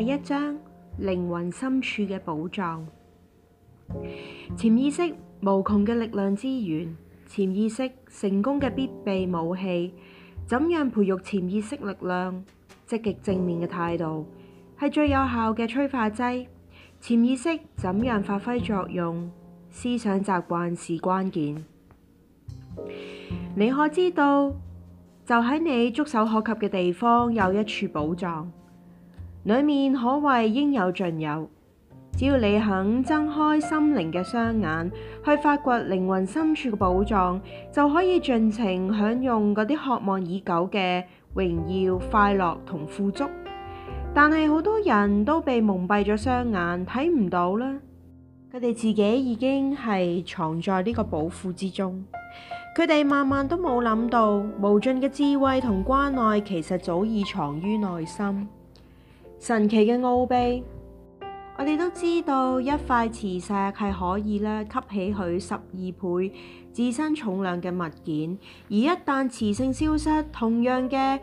第一章：靈魂深處嘅寶藏。潛意識無窮嘅力量資源，潛意識成功嘅必備武器。怎樣培育潛意識力量？積極正面嘅態度係最有效嘅催化劑。潛意識怎樣發揮作用？思想習慣是關鍵。你可知道，就喺你觸手可及嘅地方，有一處寶藏。裏面可謂應有盡有，只要你肯睜開心靈嘅雙眼去發掘靈魂深處嘅寶藏，就可以盡情享用嗰啲渴望已久嘅榮耀、快樂同富足。但係好多人都被蒙蔽咗雙眼，睇唔到啦。佢哋自己已經係藏在呢個寶庫之中，佢哋慢慢都冇諗到無盡嘅智慧同關愛其實早已藏於內心。神奇嘅奧秘，我哋都知道一塊磁石係可以咧吸起佢十二倍自身重量嘅物件，而一旦磁性消失，同樣嘅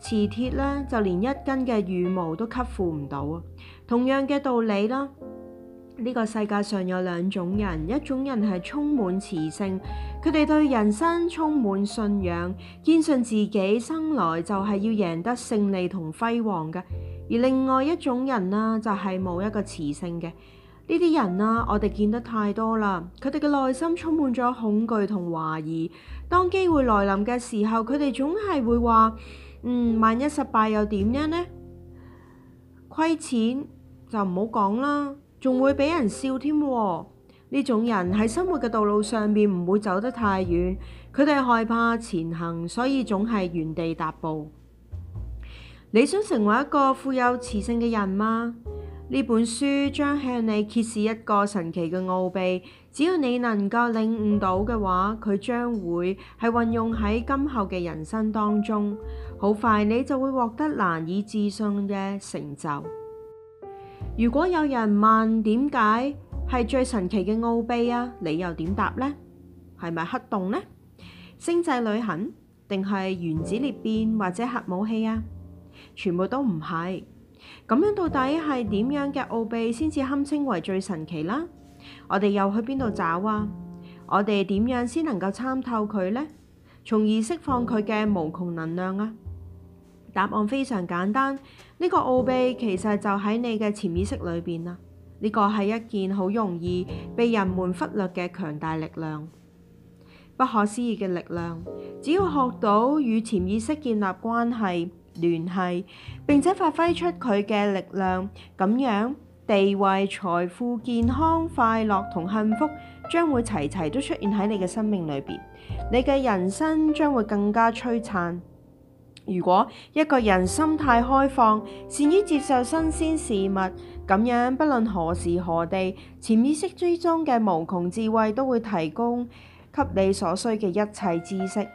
磁鐵咧就連一根嘅羽毛都吸附唔到啊。同樣嘅道理啦，呢個世界上有兩種人，一種人係充滿磁性，佢哋對人生充滿信仰，堅信自己生來就係要贏得勝利同輝煌嘅。而另外一種人啦、啊，就係、是、冇一個磁性嘅呢啲人啦、啊。我哋見得太多啦，佢哋嘅內心充滿咗恐懼同懷疑。當機會來臨嘅時候，佢哋總係會話：嗯，萬一失敗又點樣呢？虧錢就唔好講啦，仲會俾人笑添。呢種人喺生活嘅道路上面唔會走得太遠，佢哋害怕前行，所以總係原地踏步。你想成為一個富有磁性嘅人嗎？呢本書將向你揭示一個神奇嘅奧秘，只要你能夠領悟到嘅話，佢將會係運用喺今後嘅人生當中。好快你就會獲得難以置信嘅成就。如果有人問點解係最神奇嘅奧秘啊？你又點答呢？係咪黑洞呢？星際旅行定係原子裂變或者核武器啊？全部都唔係咁樣，到底係點樣嘅奧秘先至堪稱為最神奇啦？我哋又去邊度找啊？我哋點樣先能夠參透佢呢？從而釋放佢嘅無窮能量啊？答案非常簡單，呢個奧秘其實就喺你嘅潛意識裏邊啦。呢個係一件好容易被人們忽略嘅強大力量，不可思議嘅力量。只要學到與潛意識建立關係。聯繫，並且發揮出佢嘅力量，咁樣，地位、財富、健康、快樂同幸福將會齊齊都出現喺你嘅生命裏邊。你嘅人生將會更加璀璨。如果一個人心態開放，善於接受新鮮事物，咁樣，不論何時何地，潛意識追蹤嘅無窮智慧都會提供給你所需嘅一切知識。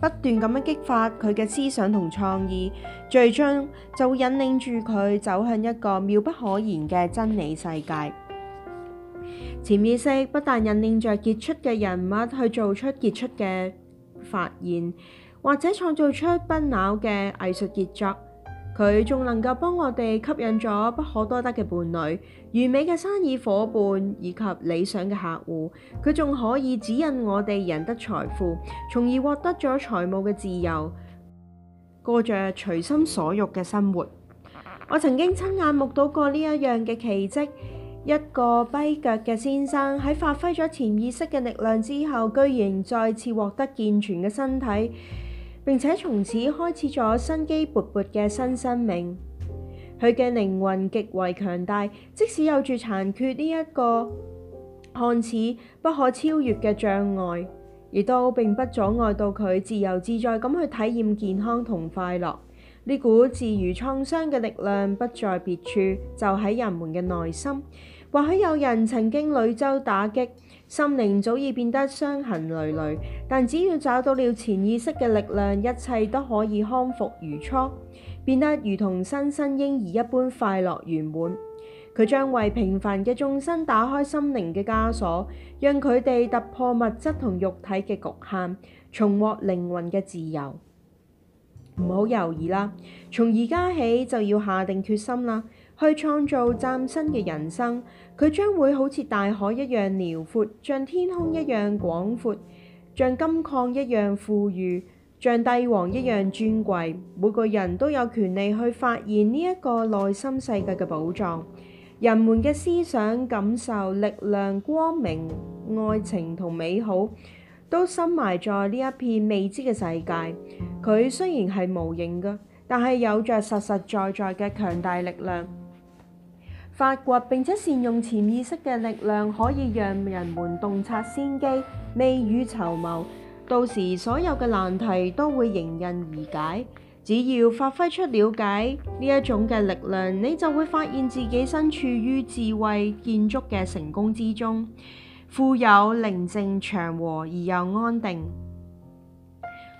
不斷咁樣激發佢嘅思想同創意，最終就引領住佢走向一個妙不可言嘅真理世界。潛意識不但引領着傑出嘅人物去做出傑出嘅發現，或者創造出不朽嘅藝術傑作。佢仲能夠幫我哋吸引咗不可多得嘅伴侶、完美嘅生意伙伴以及理想嘅客戶。佢仲可以指引我哋贏得財富，從而獲得咗財務嘅自由，過着隨心所欲嘅生活。我曾經親眼目睹過呢一樣嘅奇跡：一個跛腳嘅先生喺發揮咗潛意識嘅力量之後，居然再次獲得健全嘅身體。並且從此開始咗生機勃勃嘅新生命。佢嘅靈魂極為強大，即使有住殘缺呢一個看似不可超越嘅障礙，亦都並不阻礙到佢自由自在咁去體驗健康同快樂。呢股治癒創傷嘅力量不在別處，就喺人們嘅內心。或許有人曾經屢遭打擊。心靈早已變得傷痕累累，但只要找到了潛意識嘅力量，一切都可以康復如初，變得如同新生嬰兒一般快樂圓滿。佢將為平凡嘅眾生打開心靈嘅枷鎖，讓佢哋突破物質同肉體嘅局限，重獲靈魂嘅自由。唔好猶豫啦，從而家起就要下定決心啦！去創造嶄新嘅人生，佢將會好似大海一樣遼闊，像天空一樣廣闊，像金礦一樣富裕，像帝王一樣尊貴。每個人都有權利去發現呢一個內心世界嘅寶藏。人們嘅思想、感受、力量、光明、愛情同美好，都深埋在呢一片未知嘅世界。佢雖然係無形嘅，但係有着實實在在嘅強大力量。發掘並且善用潛意識嘅力量，可以讓人們洞察先機、未雨綢繆。到時所有嘅難題都會迎刃而解。只要發揮出了解呢一種嘅力量，你就會發現自己身處於智慧建築嘅成功之中，富有寧靜、祥和而又安定。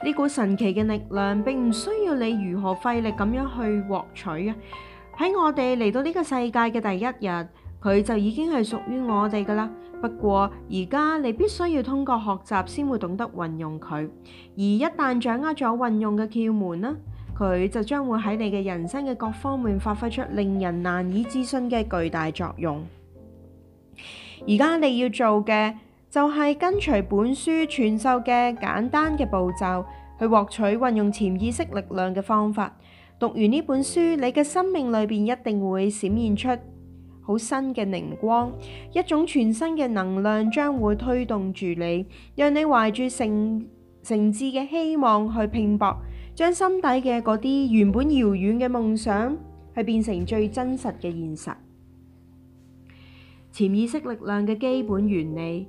呢股神奇嘅力量，並唔需要你如何費力咁樣去獲取啊！喺我哋嚟到呢個世界嘅第一日，佢就已經係屬於我哋㗎喇。不過而家你必須要通過學習先會懂得運用佢，而一旦掌握咗運用嘅竅門啦，佢就將會喺你嘅人生嘅各方面發揮出令人難以置信嘅巨大作用。而家你要做嘅就係跟隨本書傳授嘅簡單嘅步驟，去獲取運用潛意識力量嘅方法。讀完呢本書，你嘅生命裏邊一定會閃現出好新嘅靈光，一種全新嘅能量將會推動住你，讓你懷住誠誠摯嘅希望去拼搏，將心底嘅嗰啲原本遙遠嘅夢想，去變成最真實嘅現實。潛意識力量嘅基本原理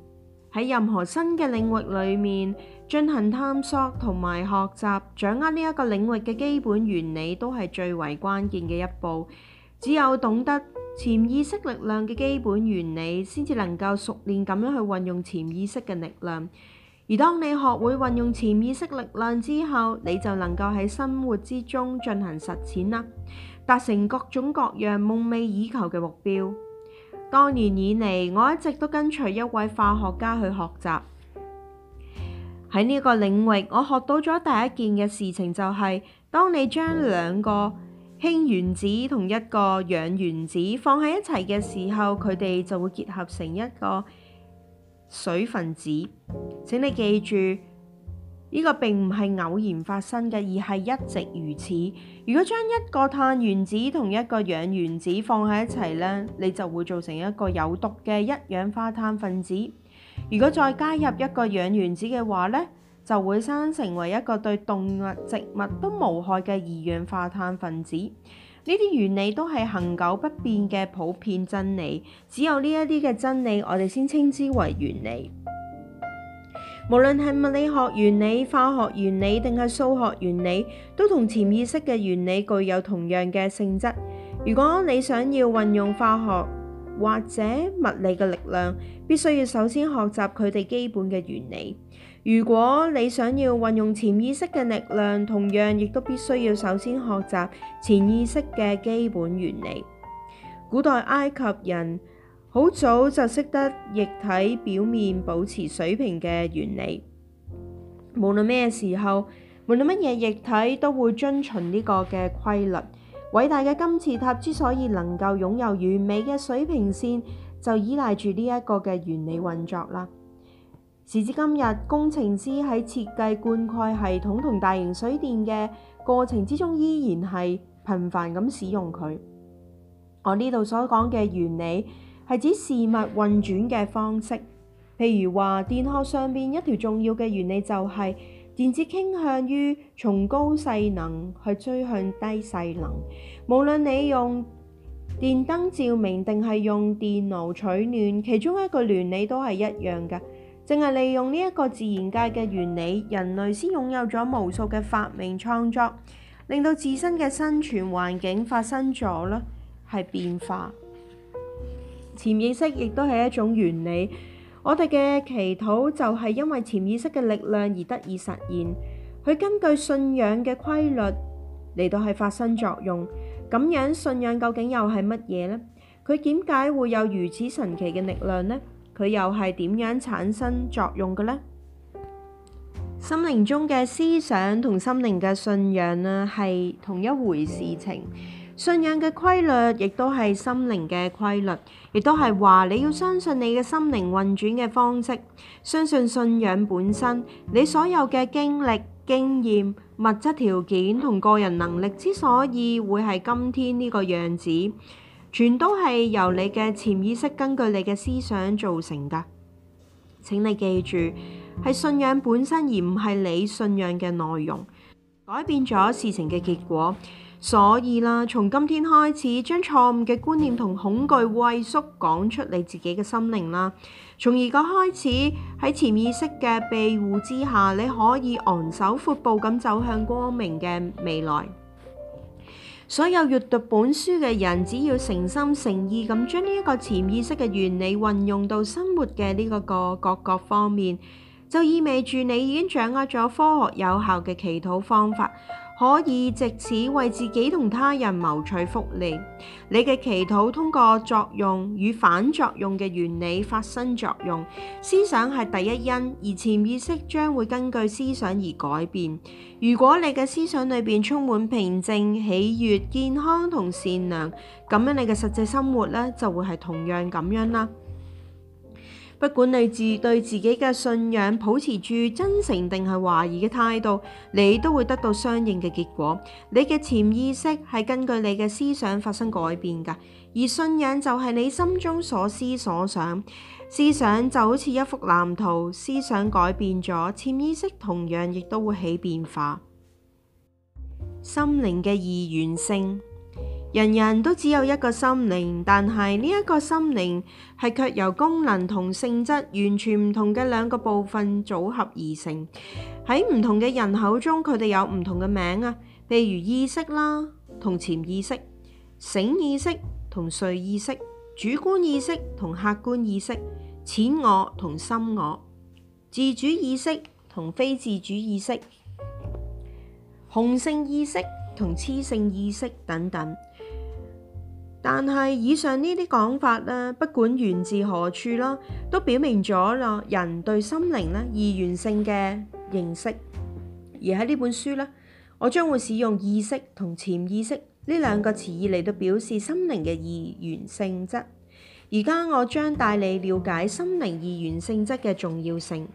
喺任何新嘅領域裏面。進行探索同埋學習，掌握呢一個領域嘅基本原理都係最為關鍵嘅一步。只有懂得潛意識力量嘅基本原理，先至能夠熟練咁樣去運用潛意識嘅力量。而當你學會運用潛意識力量之後，你就能夠喺生活之中進行實踐啦，達成各種各樣夢寐以求嘅目標。多年以嚟，我一直都跟隨一位化學家去學習。喺呢個領域，我學到咗第一件嘅事情就係，當你將兩個氫原子同一個氧原子放喺一齊嘅時候，佢哋就會結合成一個水分子。請你記住，呢個並唔係偶然發生嘅，而係一直如此。如果將一個碳原子同一個氧原子放喺一齊呢，你就會做成一個有毒嘅一氧化碳分子。如果再加入一個氧原子嘅話呢，就會生成為一個對動物、植物都無害嘅二氧化碳分子。呢啲原理都係恒久不變嘅普遍真理，只有呢一啲嘅真理，我哋先稱之為原理。無論係物理學原理、化學原理定係數學原理，都同潛意識嘅原理具有同樣嘅性質。如果你想要運用化學或者物理嘅力量，必須要首先學習佢哋基本嘅原理。如果你想要運用潛意識嘅力量，同樣亦都必須要首先學習潛意識嘅基本原理。古代埃及人好早就識得液體表面保持水平嘅原理。無論咩時候，無論乜嘢液體，都會遵循呢個嘅規律。偉大嘅金字塔之所以能夠擁有完美嘅水平線，就依賴住呢一個嘅原理運作啦。時至今日，工程師喺設計灌溉系統同大型水電嘅過程之中，依然係頻繁咁使用佢。我呢度所講嘅原理係指事物運轉嘅方式，譬如話電學上邊一條重要嘅原理就係電子傾向於從高勢能去追向低勢能，無論你用電燈照明定係用電爐取暖，其中一個原理都係一樣噶，淨係利用呢一個自然界嘅原理，人類先擁有咗無數嘅發明創作，令到自身嘅生存環境發生咗咧係變化。潛意識亦都係一種原理，我哋嘅祈禱就係因為潛意識嘅力量而得以實現，佢根據信仰嘅規律嚟到係發生作用，咁樣信仰究竟又係乜嘢呢？佢點解會有如此神奇嘅力量呢？佢又係點樣產生作用嘅呢？心靈中嘅思想同心靈嘅信仰啊，係同一回事情。嗯、信仰嘅規律亦都係心靈嘅規律，亦都係話你要相信你嘅心靈運轉嘅方式，相信信仰本身，你所有嘅經歷。經驗、物質條件同個人能力之所以會係今天呢個樣子，全都係由你嘅潛意識根據你嘅思想造成㗎。請你記住，係信仰本身，而唔係你信仰嘅內容，改變咗事情嘅結果。所以啦，從今天開始，將錯誤嘅觀念同恐懼畏縮講出你自己嘅心靈啦。從而個開始，喺潛意識嘅庇護之下，你可以昂首闊步咁走向光明嘅未來。所有閲讀本書嘅人，只要誠心誠意咁將呢一個潛意識嘅原理運用到生活嘅呢個個各個方面，就意味住你已經掌握咗科學有效嘅祈禱方法。可以借此為自己同他人謀取福利。你嘅祈禱通過作用與反作用嘅原理發生作用。思想係第一因，而潛意識將會根據思想而改變。如果你嘅思想裏面充滿平靜、喜悅、健康同善良，咁樣你嘅實際生活呢，就會係同樣咁樣啦。不管你自對自己嘅信仰抱持住真誠定係懷疑嘅態度，你都會得到相應嘅結果。你嘅潛意識係根據你嘅思想發生改變㗎，而信仰就係你心中所思所想。思想就好似一幅藍圖，思想改變咗，潛意識同樣亦都會起變化。心靈嘅二元性。人人都只有一個心靈，但係呢一個心靈係卻由功能同性質完全唔同嘅兩個部分組合而成。喺唔同嘅人口中，佢哋有唔同嘅名啊，譬如意識啦、同潛意識、醒意識同睡意識、主觀意識同客觀意識、淺我同深我、自主意識同非自主意識、雄性意識同雌性意識等等。但係以上呢啲講法咧，不管源自何處咯，都表明咗咯人對心靈咧意願性嘅認識。而喺呢本書咧，我將會使用意識同潛意識呢兩個詞語嚟到表示心靈嘅意願性質。而家我將帶你了解心靈意願性質嘅重要性，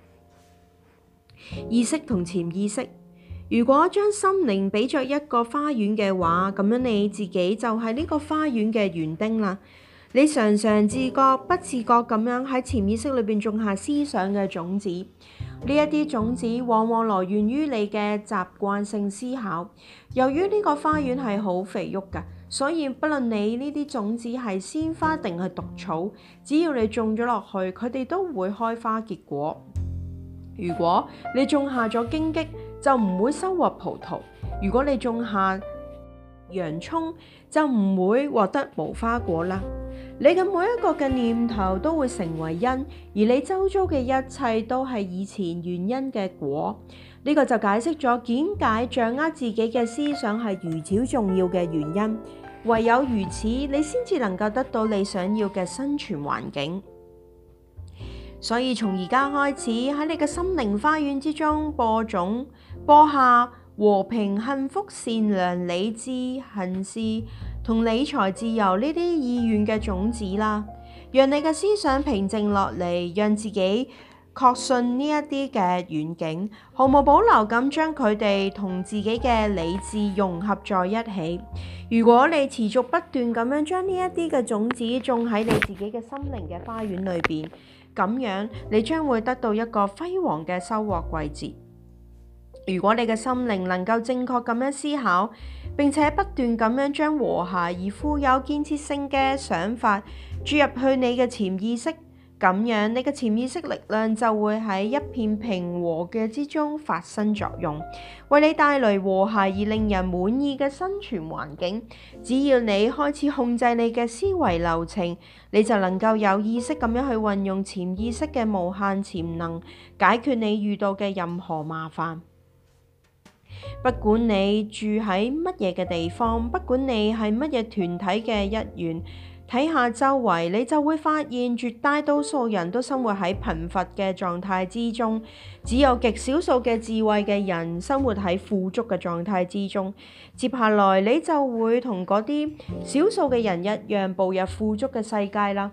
意識同潛意識。如果將心靈比作一個花園嘅話，咁樣你自己就係呢個花園嘅園丁啦。你常常自覺不自覺咁樣喺潛意識裏邊種下思想嘅種子。呢一啲種子往往來源於你嘅習慣性思考。由於呢個花園係好肥沃噶，所以不論你呢啲種子係鮮花定係毒草，只要你種咗落去，佢哋都會開花結果。如果你種下咗荊棘，就唔會收穫葡萄。如果你種下洋葱，就唔會獲得無花果啦。你嘅每一個嘅念頭都會成為因，而你周遭嘅一切都係以前原因嘅果。呢個就解釋咗，點解掌握自己嘅思想係如此重要嘅原因。唯有如此，你先至能夠得到你想要嘅生存環境。所以從而家開始，喺你嘅心靈花園之中播種。播下和平、幸福、善良、理智、行事同理財自由呢啲意願嘅種子啦，讓你嘅思想平靜落嚟，讓自己確信呢一啲嘅遠景，毫無保留咁將佢哋同自己嘅理智融合在一起。如果你持續不斷咁樣將呢一啲嘅種子種喺你自己嘅心靈嘅花園裏邊，咁樣你將會得到一個輝煌嘅收穫季節。如果你嘅心靈能夠正確咁樣思考，並且不斷咁樣將和諧而富有建設性嘅想法注入去你嘅潛意識，咁樣你嘅潛意識力量就會喺一片平和嘅之中發生作用，為你帶來和諧而令人滿意嘅生存環境。只要你開始控制你嘅思維流程，你就能夠有意識咁樣去運用潛意識嘅無限潛能，解決你遇到嘅任何麻煩。不管你住喺乜嘢嘅地方，不管你係乜嘢團體嘅一員，睇下周圍，你就會發現絕大多數人都生活喺貧乏嘅狀態之中，只有極少數嘅智慧嘅人生活喺富足嘅狀態之中。接下來，你就會同嗰啲少數嘅人一樣步入富足嘅世界啦。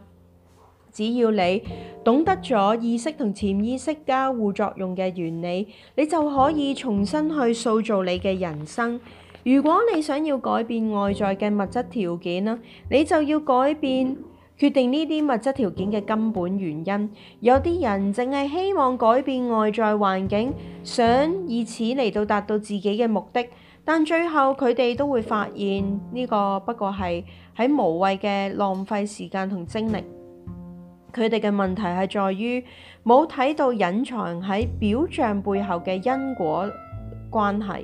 只要你懂得咗意識同潛意識交互作用嘅原理，你就可以重新去塑造你嘅人生。如果你想要改變外在嘅物質條件啦，你就要改變決定呢啲物質條件嘅根本原因。有啲人淨係希望改變外在環境，想以此嚟到達到自己嘅目的，但最後佢哋都會發現呢個不過係喺無謂嘅浪費時間同精力。佢哋嘅問題係在於冇睇到隱藏喺表象背後嘅因果關係。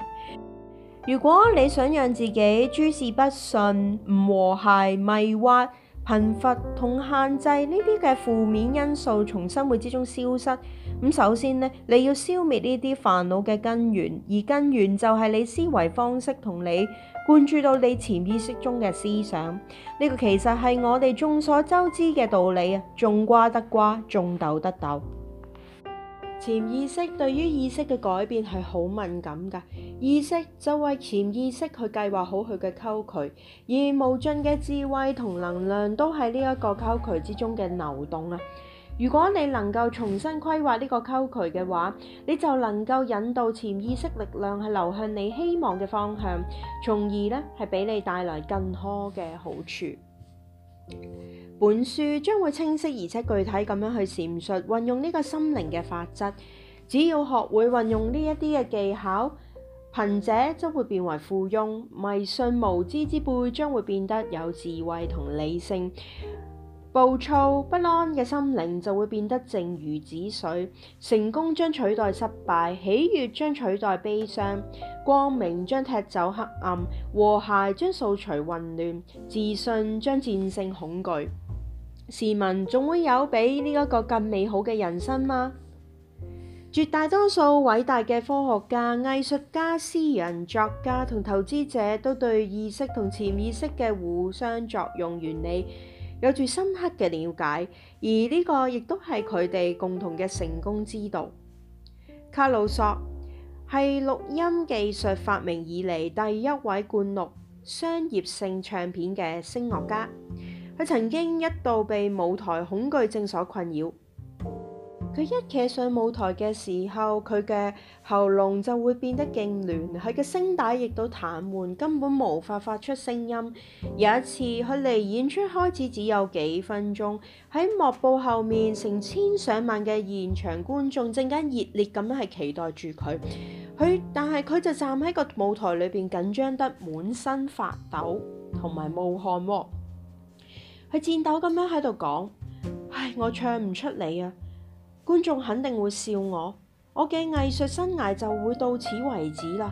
如果你想讓自己諸事不順、唔和諧、迷惑、貧乏同限制呢啲嘅負面因素從生活之中消失，咁首先呢，你要消滅呢啲煩惱嘅根源，而根源就係你思維方式同你灌注到你潛意識中嘅思想，呢個其實係我哋眾所周知嘅道理啊！種瓜得瓜，種豆得豆。潛意識對於意識嘅改變係好敏感噶，意識就為潛意識去計劃好佢嘅溝渠，而無盡嘅智慧同能量都喺呢一個溝渠之中嘅流動啊！如果你能夠重新規劃呢個溝渠嘅話，你就能夠引導潛意識力量係流向你希望嘅方向，從而呢係俾你帶來更多嘅好處。 本書將會清晰而且具體咁樣去闡述運用呢個心靈嘅法則，只要學會運用呢一啲嘅技巧，貧者則會變為富翁，迷信無知之輩將會變得有智慧同理性。暴躁不安嘅心靈就會變得靜如止水，成功將取代失敗，喜悦將取代悲傷，光明將踢走黑暗，和諧將掃除混亂，自信將戰勝恐懼。試問，仲會有比呢一個更美好嘅人生嗎？絕大多數偉大嘅科學家、藝術家、詩人、作家同投資者都對意識同潛意識嘅互相作用原理。有住深刻嘅了解，而呢個亦都係佢哋共同嘅成功之道。卡魯索係錄音技術發明以嚟第一位灌錄商業性唱片嘅聲樂家，佢曾經一度被舞台恐懼症所困擾。佢一企上舞台嘅時候，佢嘅喉嚨就會變得痙攣，佢嘅聲帶亦都癱瘓，根本無法發出聲音。有一次，佢離演出開始只有幾分鐘，喺幕布後面成千上萬嘅現場觀眾陣間熱烈咁樣係期待住佢，佢但係佢就站喺個舞台裏邊緊張得滿身發抖，同埋冒汗喎。佢顫抖咁樣喺度講：唉，我唱唔出嚟啊！觀眾肯定會笑我，我嘅藝術生涯就會到此為止啦。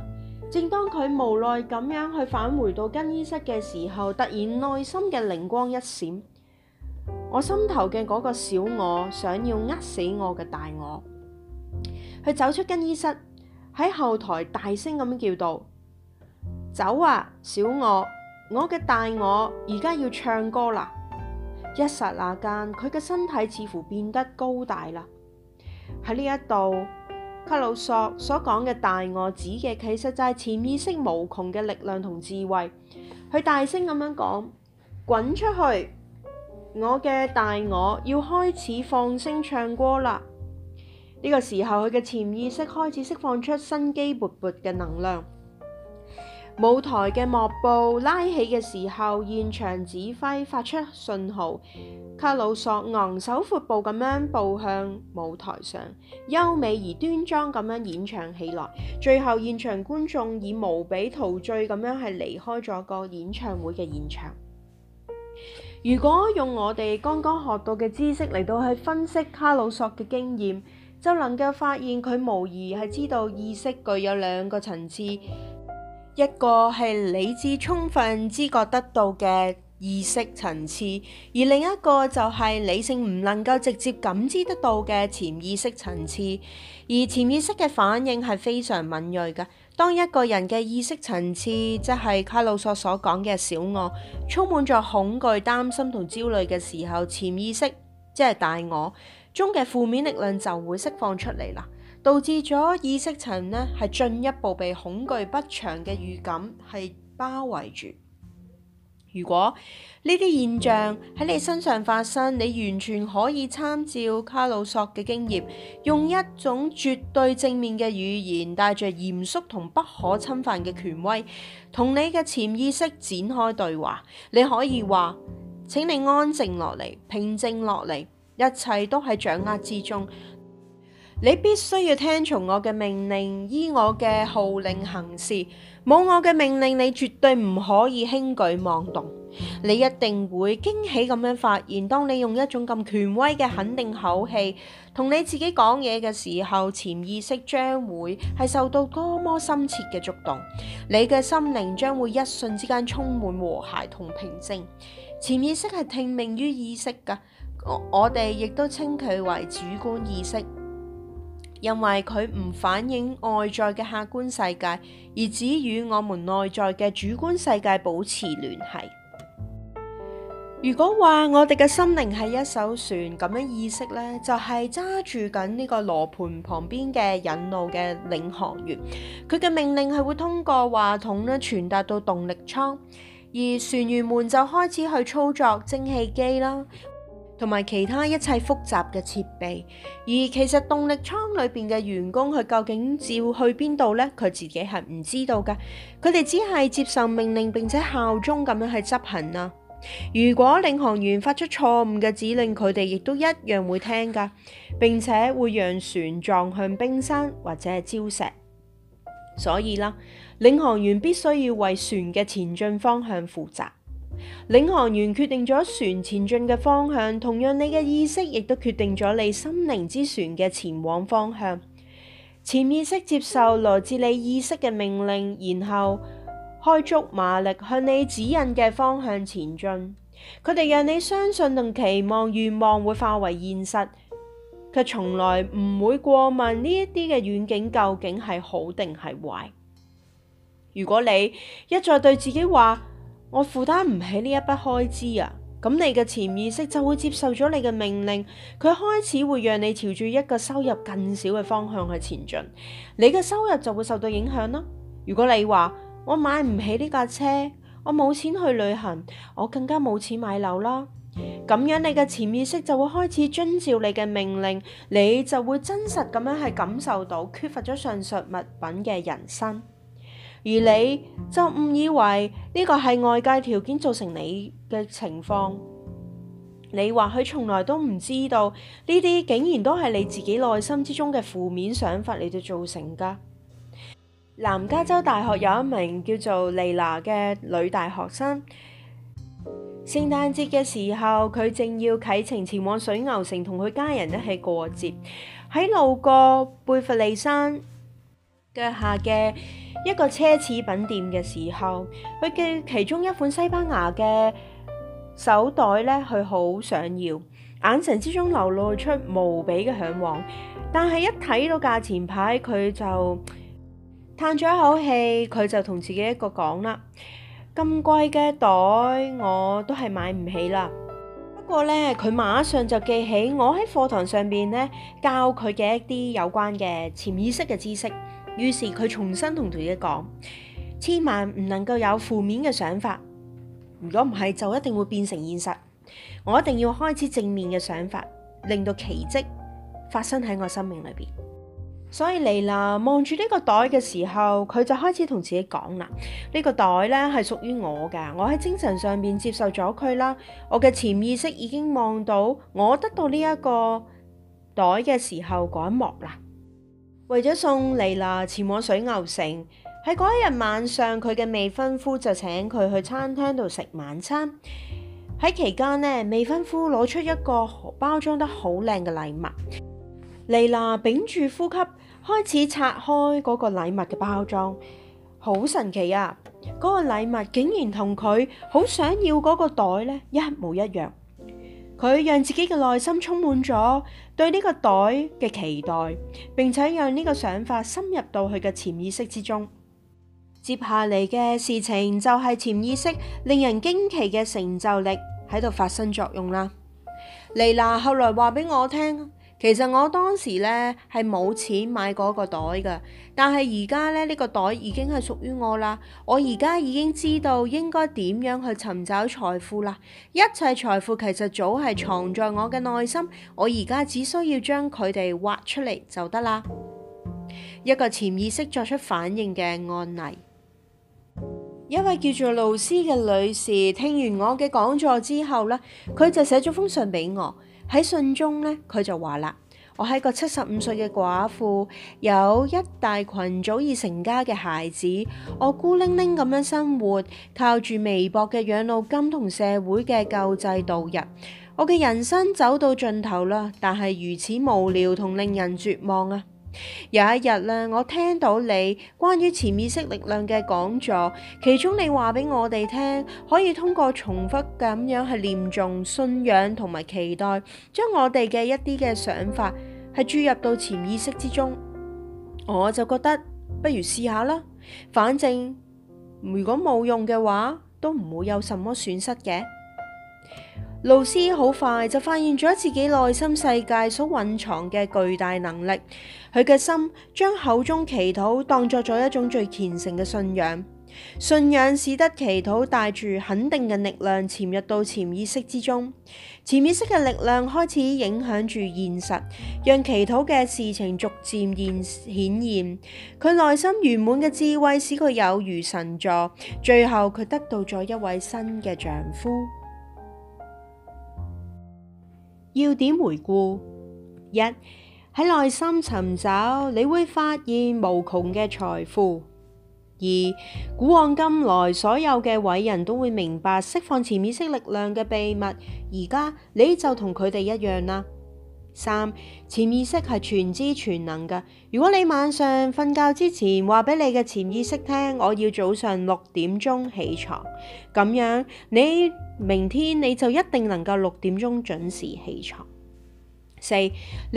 正當佢無奈咁樣去返回到更衣室嘅時候，突然內心嘅靈光一閃，我心頭嘅嗰個小我想要扼死我嘅大我，佢走出更衣室喺後台大聲咁叫道：走啊，小我！我嘅大我而家要唱歌啦！一剎那間，佢嘅身體似乎變得高大啦。喺呢一度，卡魯索所講嘅大我指嘅，其實就係潛意識無窮嘅力量同智慧。佢大聲咁樣講：滾出去！我嘅大我要開始放聲唱歌啦！呢個時候，佢嘅潛意識開始釋放出生機勃勃嘅能量。舞台嘅幕布拉起嘅時候，現場指揮發出信號，卡魯索昂首闊步咁樣步向舞台上，優美而端莊咁樣演唱起來。最後，現場觀眾以無比陶醉咁樣係離開咗個演唱會嘅現場。如果用我哋剛剛學到嘅知識嚟到去分析卡魯索嘅經驗，就能夠發現佢無疑係知道意識具有兩個層次。一個係理智充分知覺得到嘅意識層次，而另一個就係理性唔能夠直接感知得到嘅潛意識層次。而潛意識嘅反應係非常敏銳嘅。當一個人嘅意識層次，即係卡魯索所講嘅小我，充滿咗恐懼、擔心同焦慮嘅時候，潛意識，即係大我中嘅負面力量就會釋放出嚟啦。導致咗意識層呢，係進一步被恐懼不祥嘅預感係包圍住。如果呢啲現象喺你身上發生，你完全可以參照卡魯索嘅經驗，用一種絕對正面嘅語言，帶着嚴肅同不可侵犯嘅權威，同你嘅潛意識展開對話。你可以話：請你安靜落嚟，平靜落嚟，一切都喺掌握之中。你必須要聽從我嘅命令，依我嘅號令行事，冇我嘅命令，你絕對唔可以輕舉妄動。你一定會驚喜咁樣發現，當你用一種咁權威嘅肯定口氣同你自己講嘢嘅時候，潛意識將會係受到多麼深切嘅觸動。你嘅心靈將會一瞬之間充滿和諧同平靜。潛意識係聽命於意識㗎，我我哋亦都稱佢為主觀意識。因為佢唔反映外在嘅客觀世界，而只與我們內在嘅主觀世界保持聯繫。如果話我哋嘅心靈係一艘船咁樣，意識呢，就係揸住緊呢個羅盤旁邊嘅引路嘅領航員，佢嘅命令係會通過話筒咧傳達到動力艙，而船員們就開始去操作蒸汽機啦。同埋其他一切複雜嘅設備，而其實動力艙裏邊嘅員工佢究竟照去邊度呢？佢自己係唔知道噶，佢哋只係接受命令並且效忠咁樣去執行啊。如果領航員發出錯誤嘅指令，佢哋亦都一樣會聽噶，並且會讓船撞向冰山或者係礁石。所以啦，領航員必須要為船嘅前進方向負責。領航員決定咗船前進嘅方向，同樣你嘅意識亦都決定咗你心靈之船嘅前往方向。潛意識接受來自你意識嘅命令，然後開足馬力向你指引嘅方向前進。佢哋讓你相信同期望，願望會化為現實，卻從來唔會過問呢一啲嘅遠景究竟係好定係壞。如果你一再對自己話，我負擔唔起呢一筆開支啊，咁你嘅潛意識就會接受咗你嘅命令，佢開始會讓你朝住一個收入更少嘅方向去前進，你嘅收入就會受到影響啦。如果你話我買唔起呢架車，我冇錢去旅行，我更加冇錢買樓啦，咁樣你嘅潛意識就會開始遵照你嘅命令，你就會真實咁樣係感受到缺乏咗上述物品嘅人生。而你就誤以為呢個係外界條件造成你嘅情況，你或許從來都唔知道呢啲竟然都係你自己內心之中嘅負面想法嚟到造成㗎。南加州大學有一名叫做莉娜嘅女大學生，聖誕節嘅時候佢正要啟程前往水牛城同佢家人一齊過節，喺路過貝弗利山，腳下嘅一個奢侈品店嘅時候，佢嘅其中一款西班牙嘅手袋咧，佢好想要，眼神之中流露出無比嘅向往。但係一睇到價錢牌，佢就嘆咗一口氣，佢就同自己一個講啦：咁貴嘅袋我都係買唔起啦。不過咧，佢馬上就記起我喺課堂上邊咧教佢嘅一啲有關嘅潛意識嘅知識。於是佢重新同自己講，千萬唔能夠有負面嘅想法，如果唔係就一定會變成現實。我一定要開始正面嘅想法，令到奇蹟發生喺我生命裏邊。所以嚟啦，望住呢個袋嘅時候，佢就開始同自己講啦：呢個袋咧係屬於我噶，我喺精神上面接受咗佢啦。我嘅潛意識已經望到我得到呢一個袋嘅時候嗰一幕啦。為咗送莉娜前往水牛城，喺嗰一日晚上，佢嘅未婚夫就請佢去餐廳度食晚餐。喺期間呢，未婚夫攞出一個包裝得好靚嘅禮物，莉娜屏住呼吸開始拆開嗰個禮物嘅包裝。好神奇啊！嗰個禮物竟然同佢好想要嗰個袋咧一模一樣。佢讓自己嘅內心充滿咗對呢個袋嘅期待，並且讓呢個想法深入到佢嘅潛意識之中。接下嚟嘅事情就係潛意識令人驚奇嘅成就力喺度發生作用啦。莉娜後來話俾我聽。其實我當時呢係冇錢買嗰個袋噶，但係而家呢，呢個袋已經係屬於我啦。我而家已經知道應該點樣去尋找財富啦。一切財富其實早係藏在我嘅內心，我而家只需要將佢哋挖出嚟就得啦。一個潛意識作出反應嘅案例， 一位叫做露絲嘅女士聽完我嘅講座之後呢，佢就寫咗封信俾我。喺信中呢，佢就話啦：我係個七十五歲嘅寡婦，有一大群早已成家嘅孩子，我孤零零咁樣生活，靠住微薄嘅養老金同社會嘅救濟度日。我嘅人生走到盡頭啦，但係如此無聊同令人絕望啊！有一日咧，我聽到你關於潛意識力量嘅講座，其中你話俾我哋聽，可以通過重複咁樣係念誦信仰同埋期待，將我哋嘅一啲嘅想法係注入到潛意識之中，我就覺得不如試下啦。反正如果冇用嘅話，都唔會有什麼損失嘅。路斯好快就發現咗自己內心世界所蘊藏嘅巨大能力，佢嘅心將口中祈禱當作咗一種最虔誠嘅信仰，信仰使得祈禱帶住肯定嘅力量潛入到潛意識之中，潛意識嘅力量開始影響住現實，讓祈禱嘅事情逐漸現顯現，佢內心圓滿嘅智慧使佢有如神助，最後佢得到咗一位新嘅丈夫。要點回顧：一、喺內心尋找，你會發現無窮嘅財富。二、古往今來，所有嘅偉人都會明白釋放潛意識力量嘅秘密。而家你就同佢哋一樣啦。三、潛意識係全知全能嘅。如果你晚上瞓覺之前話俾你嘅潛意識聽，我要早上六點鐘起床，咁樣，你明天你就一定能夠六點鐘準時起床。四、你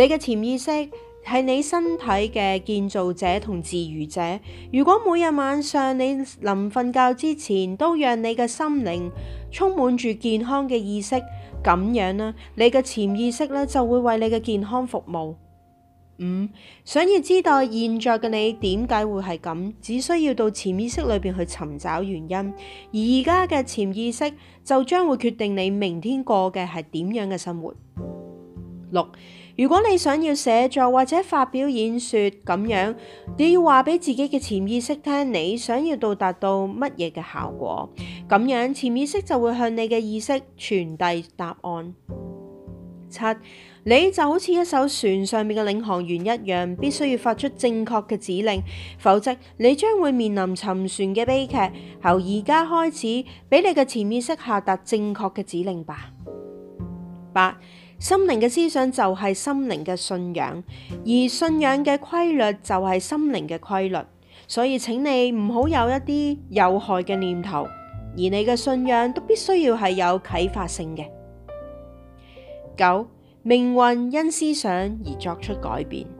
嘅潛意識係你身體嘅建造者同治愈者。如果每日晚上你臨瞓覺之前都讓你嘅心靈充滿住健康嘅意識。咁樣咧，你嘅潛意識咧就會為你嘅健康服務。五，想要知道現在嘅你點解會係咁，只需要到潛意識裏邊去尋找原因。而而家嘅潛意識就將會決定你明天過嘅係點樣嘅生活。六。如果你想要寫作或者發表演說咁樣，你要話俾自己嘅潛意識聽，你想要到達到乜嘢嘅效果？咁樣潛意識就會向你嘅意識傳遞答案。七，你就好似一艘船上面嘅領航員一樣，必須要發出正確嘅指令，否則你將會面臨沉船嘅悲劇。由而家開始，俾你嘅潛意識下達正確嘅指令吧。八。心靈嘅思想就係心靈嘅信仰，而信仰嘅規律就係心靈嘅規律。所以請你唔好有一啲有害嘅念頭，而你嘅信仰都必須要係有啟發性嘅。九，命運因思想而作出改變。